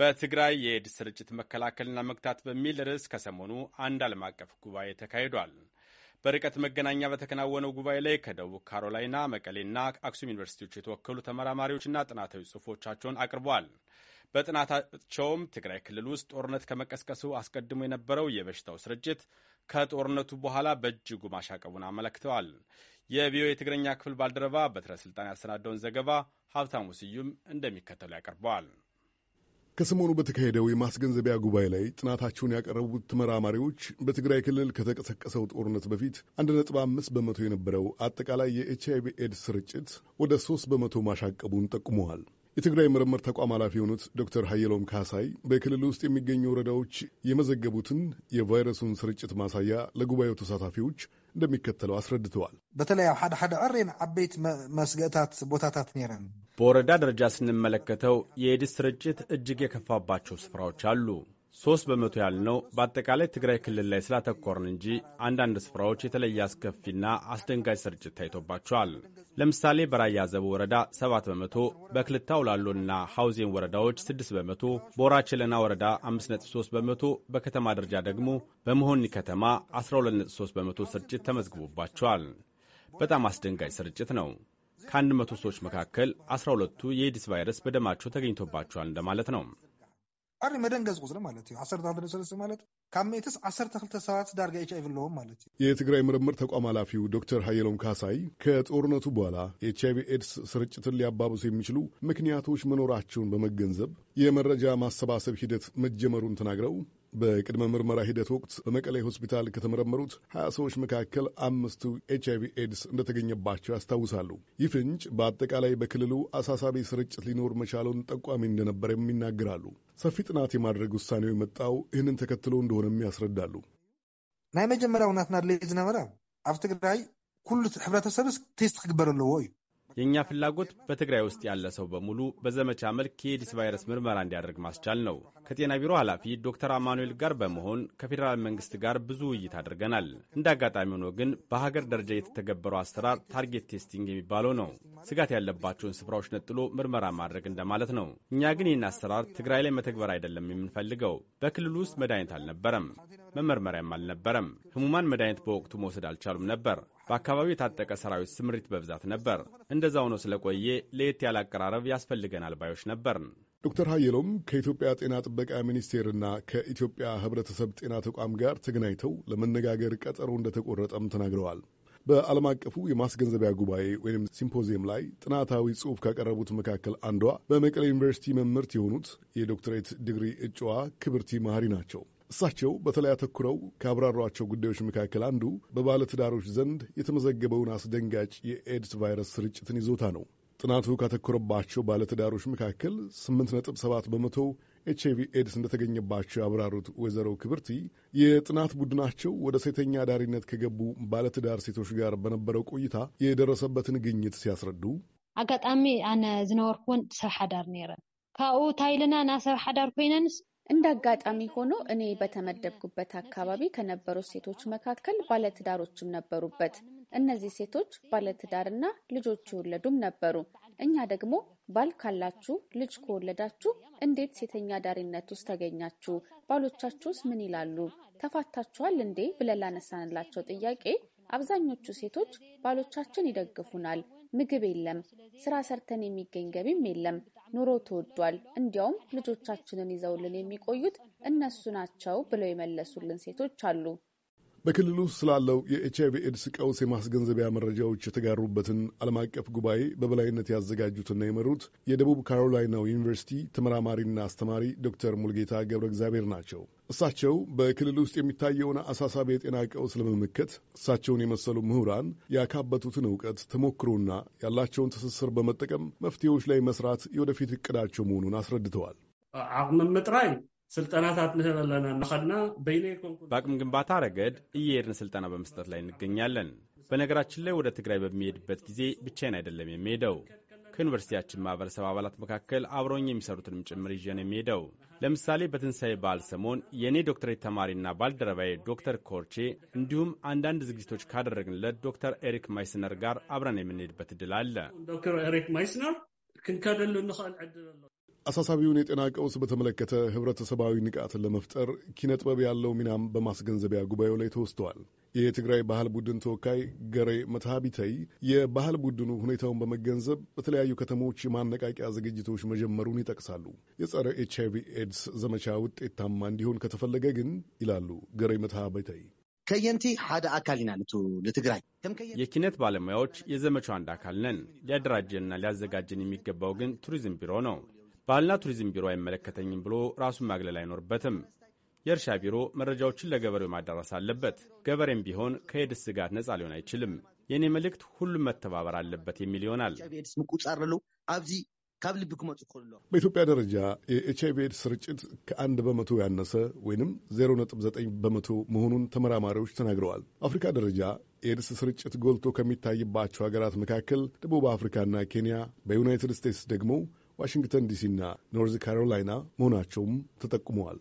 በትግራይ የኤድስ ስርጭት መከላከልና መግታት በሚል ርዕስ ከሰሞኑ አንድ ዓለም አቀፍ ጉባኤ ተካሂዷል። በርቀት መገናኛ በተከናወነው ጉባኤ ላይ ከደቡብ ካሮላይና፣ መቀሌና አክሱም ዩኒቨርሲቲዎች የተወከሉ ተመራማሪዎችና ጥናታዊ ጽሑፎቻቸውን አቅርበዋል። በጥናታቸውም ትግራይ ክልል ውስጥ ጦርነት ከመቀስቀሱ አስቀድሞ የነበረው የበሽታው ስርጭት ከጦርነቱ በኋላ በእጅጉ ማሻቀቡን አመለክተዋል። የቪኦኤ የትግረኛ ክፍል ባልደረባ በትረ ስልጣን ያሰናደውን ዘገባ ሀብታሙ ስዩም እንደሚከተሉ ያቀርበዋል። ከሰሞኑ በተካሄደው የማስገንዘቢያ ጉባኤ ላይ ጥናታቸውን ያቀረቡት ተመራማሪዎች በትግራይ ክልል ከተቀሰቀሰው ጦርነት በፊት 1.5 በመቶ የነበረው አጠቃላይ የኤች ኤድስ ስርጭት ወደ 3 በመቶ ማሻቀቡን ጠቁመዋል። የትግራይ ምርምር ተቋም ኃላፊ የሆኑት ዶክተር ሀየሎም ካሳይ በክልል ውስጥ የሚገኙ ወረዳዎች የመዘገቡትን የቫይረሱን ስርጭት ማሳያ ለጉባኤው ተሳታፊዎች እንደሚከተለው አስረድተዋል። በተለይ ሓደ ሓደ ዕሬን ዓበይት መስገእታት ቦታታት ነይረን በወረዳ ደረጃ ስንመለከተው የኤድስ ስርጭት እጅግ የከፋባቸው ስፍራዎች አሉ። ሶስት በመቶ ያልነው በአጠቃላይ ትግራይ ክልል ላይ ስላተኮርን እንጂ አንዳንድ ስፍራዎች የተለየ አስከፊና አስደንጋጭ ስርጭት ታይቶባቸዋል። ለምሳሌ በራያ ዘቡ ወረዳ ሰባት በመቶ በክልታው ላሎና ሐውዜን ወረዳዎች ስድስት በመቶ በወራችለና ወረዳ አምስት ነጥብ ሶስት በመቶ በከተማ ደረጃ ደግሞ በመሆኒ ከተማ አስራ ሁለት ነጥብ ሶስት በመቶ ስርጭት ተመዝግቦባቸዋል። በጣም አስደንጋጭ ስርጭት ነው። ከአንድ መቶ ሰዎች መካከል አስራ ሁለቱ የኤዲስ ቫይረስ በደማቸው ተገኝቶባቸዋል እንደማለት ነው። አሪ መደንገዝ ቁስለ ማለት እዩ ዓሰርተ ክልተ ሰለስተ ማለት ካሜትስ ሜትስ ዓሰርተ ክልተ ሰባት ዳርጋ ኤች አይቪ ኣለዎም ማለት እዩ። የትግራይ ምርምር ተቋም ኃላፊው ዶክተር ሃየሎም ካሳይ ከጦርነቱ በኋላ ኤች አይቪ ኤድስ ስርጭትን ሊያባብሱ የሚችሉ ምክንያቶች መኖራቸውን በመገንዘብ የመረጃ ማሰባሰብ ሂደት መጀመሩን ተናግረው በቅድመ ምርመራ ሂደት ወቅት በመቀሌ ሆስፒታል ከተመረመሩት ሀያ ሰዎች መካከል አምስቱ ኤች አይቪ ኤድስ እንደተገኘባቸው ያስታውሳሉ። ይህ ፍንጭ በአጠቃላይ በክልሉ አሳሳቢ ስርጭት ሊኖር መቻሉን ጠቋሚ እንደነበረም ይናገራሉ። ሰፊ ጥናት የማድረግ ውሳኔው የመጣው ይህንን ተከትሎ እንደሆነም ያስረዳሉ። ናይ መጀመሪያ ውናትና ድሌ ዝነበረ ኣብ ትግራይ ኩሉ ሕብረተሰብስ ቴስት ክግበር ኣለዎ እዩ የእኛ ፍላጎት በትግራይ ውስጥ ያለ ሰው በሙሉ በዘመቻ መልክ የኤዲስ ቫይረስ ምርመራ እንዲያደርግ ማስቻል ነው። ከጤና ቢሮ ኃላፊ ዶክተር አማኑኤል ጋር በመሆን ከፌዴራል መንግስት ጋር ብዙ ውይይት አድርገናል። እንደ አጋጣሚ ሆኖ ግን በሀገር ደረጃ የተተገበረው አሰራር ታርጌት ቴስቲንግ የሚባለው ነው። ስጋት ያለባቸውን ስፍራዎች ነጥሎ ምርመራ ማድረግ እንደማለት ነው። እኛ ግን ይህን አሰራር ትግራይ ላይ መተግበር አይደለም የምንፈልገው። በክልሉ ውስጥ መድኃኒት አልነበረም፣ መመርመሪያም አልነበረም። ህሙማን መድኃኒት በወቅቱ መውሰድ አልቻሉም ነበር። በአካባቢው የታጠቀ ሰራዊት ስምሪት በብዛት ነበር። እንደዛ ሆኖ ስለቆየ ለየት ያለ አቀራረብ ያስፈልገናል ባዮች ነበርን። ዶክተር ሀየሎም ከኢትዮጵያ ጤና ጥበቃ ሚኒስቴርና ከኢትዮጵያ ሕብረተሰብ ጤና ተቋም ጋር ተገናኝተው ለመነጋገር ቀጠሮ እንደተቆረጠም ተናግረዋል። በዓለም አቀፉ የማስገንዘቢያ ጉባኤ ወይም ሲምፖዚየም ላይ ጥናታዊ ጽሑፍ ካቀረቡት መካከል አንዷ በመቀሌ ዩኒቨርሲቲ መምህርት የሆኑት የዶክትሬት ዲግሪ እጩዋ ክብርቲ ማህሪ ናቸው። እሳቸው በተለይ አተኩረው ካብራሯቸው ጉዳዮች መካከል አንዱ በባለትዳሮች ዘንድ የተመዘገበውን አስደንጋጭ የኤድስ ቫይረስ ስርጭትን ይዞታ ነው። ጥናቱ ካተኮረባቸው ባለትዳሮች መካከል 8.7 በመቶ ኤች አይቪ ኤድስ እንደተገኘባቸው ያብራሩት ወይዘሮ ክብርቲ የጥናት ቡድናቸው ወደ ሴተኛ አዳሪነት ከገቡ ባለትዳር ሴቶች ጋር በነበረው ቆይታ የደረሰበትን ግኝት ሲያስረዱ አጋጣሚ ኣነ ዝነበርኩን ሰብ ሓዳር ነይረን ካብኡ ታይልና ና ሰብ ሓዳር ኮይነንስ እንደ አጋጣሚ ሆኖ እኔ በተመደብኩበት አካባቢ ከነበሩ ሴቶች መካከል ባለትዳሮችም ነበሩበት። እነዚህ ሴቶች ባለትዳርና ልጆች የወለዱም ነበሩ። እኛ ደግሞ ባል ካላችሁ ልጅ ከወለዳችሁ እንዴት ሴተኛ ዳሪነት ውስጥ ተገኛችሁ? ባሎቻችሁስ ምን ይላሉ? ተፋታችኋል እንዴ? ብለን ላነሳንላቸው ጥያቄ አብዛኞቹ ሴቶች ባሎቻችን ይደግፉናል፣ ምግብ የለም፣ ስራ ሰርተን የሚገኝ ገቢም የለም፣ ኑሮ ተወዷል፣ እንዲያውም ልጆቻችንን ይዘውልን የሚቆዩት እነሱ ናቸው ብለው የመለሱልን ሴቶች አሉ። በክልሉ ውስጥ ስላለው የኤች አይቪ ኤድስ ቀውስ የማስገንዘቢያ መረጃዎች የተጋሩበትን ዓለም አቀፍ ጉባኤ በበላይነት ያዘጋጁትና የመሩት የደቡብ ካሮላይናው ዩኒቨርሲቲ ተመራማሪና አስተማሪ ዶክተር ሙልጌታ ገብረ እግዚአብሔር ናቸው። እሳቸው በክልል ውስጥ የሚታየውን አሳሳቢ የጤና ቀውስ ለመመከት እሳቸውን የመሰሉ ምሁራን ያካበቱትን እውቀት ተሞክሮና ያላቸውን ትስስር በመጠቀም መፍትሄዎች ላይ መስራት የወደፊት እቅዳቸው መሆኑን አስረድተዋል። አቅምም ምጥራይ ስልጠናታት ንህበለና ንኸድና በአቅም ግንባታ ረገድ እየሄድን ስልጠና በመስጠት ላይ እንገኛለን። በነገራችን ላይ ወደ ትግራይ በሚሄድበት ጊዜ ብቻዬን አይደለም የሚሄደው ከዩኒቨርሲቲያችን ማህበረሰብ አባላት መካከል አብረኝ የሚሰሩትንም ጭምር ይዤ ነው የሚሄደው። ለምሳሌ በትንሣኤ በዓል ሰሞን የእኔ ዶክተሬት ተማሪና ባልደረባዬ ዶክተር ኮርቼ እንዲሁም አንዳንድ ዝግጅቶች ካደረግንለት ዶክተር ኤሪክ ማይስነር ጋር አብረን የምንሄድበት እድል አለ። ዶክተር ኤሪክ ማይስነር ክንከደሉ ንኽእል ዕድል ኣሎ አሳሳቢውን የጤና ቀውስ በተመለከተ ህብረተሰባዊ ንቃትን ለመፍጠር ኪነጥበብ ያለው ሚናም በማስገንዘቢያ ጉባኤው ላይ ተወስተዋል። የትግራይ ባህል ቡድን ተወካይ ገሬ መትሃቢተይ የባህል ቡድኑ ሁኔታውን በመገንዘብ በተለያዩ ከተሞች የማነቃቂያ ዝግጅቶች መጀመሩን ይጠቅሳሉ። የጸረ ኤች አይቪ ኤድስ ዘመቻ ውጤታማ እንዲሆን ከተፈለገ ግን ይላሉ ገሬ መትሃቢተይ ከየንቲ ሓደ አካል ኢና ንትግራይ የኪነት ባለሙያዎች የዘመቻው አንድ አካል ነን። ሊያደራጀንና ሊያዘጋጀን የሚገባው ግን ቱሪዝም ቢሮ ነው። ባህልና ቱሪዝም ቢሮ አይመለከተኝም ብሎ ራሱን ማግለል አይኖርበትም። የእርሻ ቢሮ መረጃዎችን ለገበሬው ማዳረስ አለበት። ገበሬም ቢሆን ከኤድስ ስጋት ነፃ ሊሆን አይችልም። የእኔ መልእክት ሁሉም መተባበር አለበት የሚል ይሆናል። በኢትዮጵያ ደረጃ የኤች አይቪ ኤድስ ስርጭት ከአንድ በመቶ ያነሰ ወይንም 0.9 በመቶ መሆኑን ተመራማሪዎች ተናግረዋል። አፍሪካ ደረጃ የኤድስ ስርጭት ጎልቶ ከሚታይባቸው ሀገራት መካከል ደቡብ አፍሪካና ኬንያ፣ በዩናይትድ ስቴትስ ደግሞ ዋሽንግተን ዲሲና ኖርዝ ካሮላይና መሆናቸውም ተጠቁመዋል።